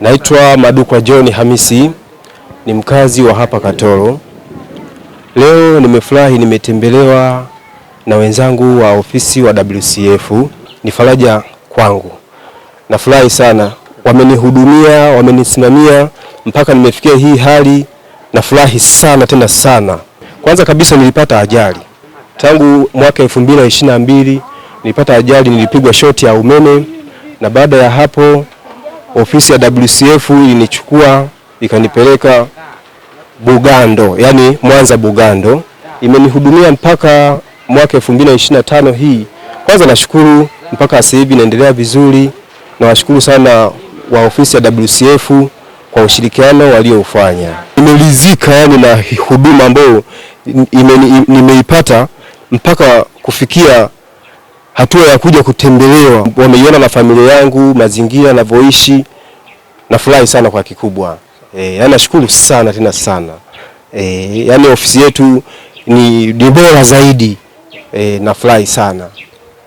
Naitwa Madukwa John Hamisi, ni mkazi wa hapa Katoro. Leo nimefurahi nimetembelewa na wenzangu wa ofisi wa WCF, ni faraja kwangu, nafurahi sana. Wamenihudumia, wamenisimamia mpaka nimefikia hii hali, nafurahi sana tena sana. Kwanza kabisa nilipata ajali tangu mwaka 2022 nilipata ajali, nilipigwa shoti ya umeme na baada ya hapo ofisi ya WCF ilinichukua ikanipeleka Bugando, yani Mwanza Bugando, imenihudumia mpaka mwaka 2025 hii. Kwanza nashukuru mpaka sasa hivi inaendelea vizuri. Nawashukuru sana wa ofisi ya WCF kwa ushirikiano walioufanya. Nimeridhika yani na huduma ambayo nimeipata mpaka kufikia hatua ya kuja kutembelewa, wameiona na familia yangu mazingira na nafurahi sana kwa kikubwa e, yani nashukuru sana tena sana e, yani ofisi yetu ni bora zaidi e, nafurahi sana.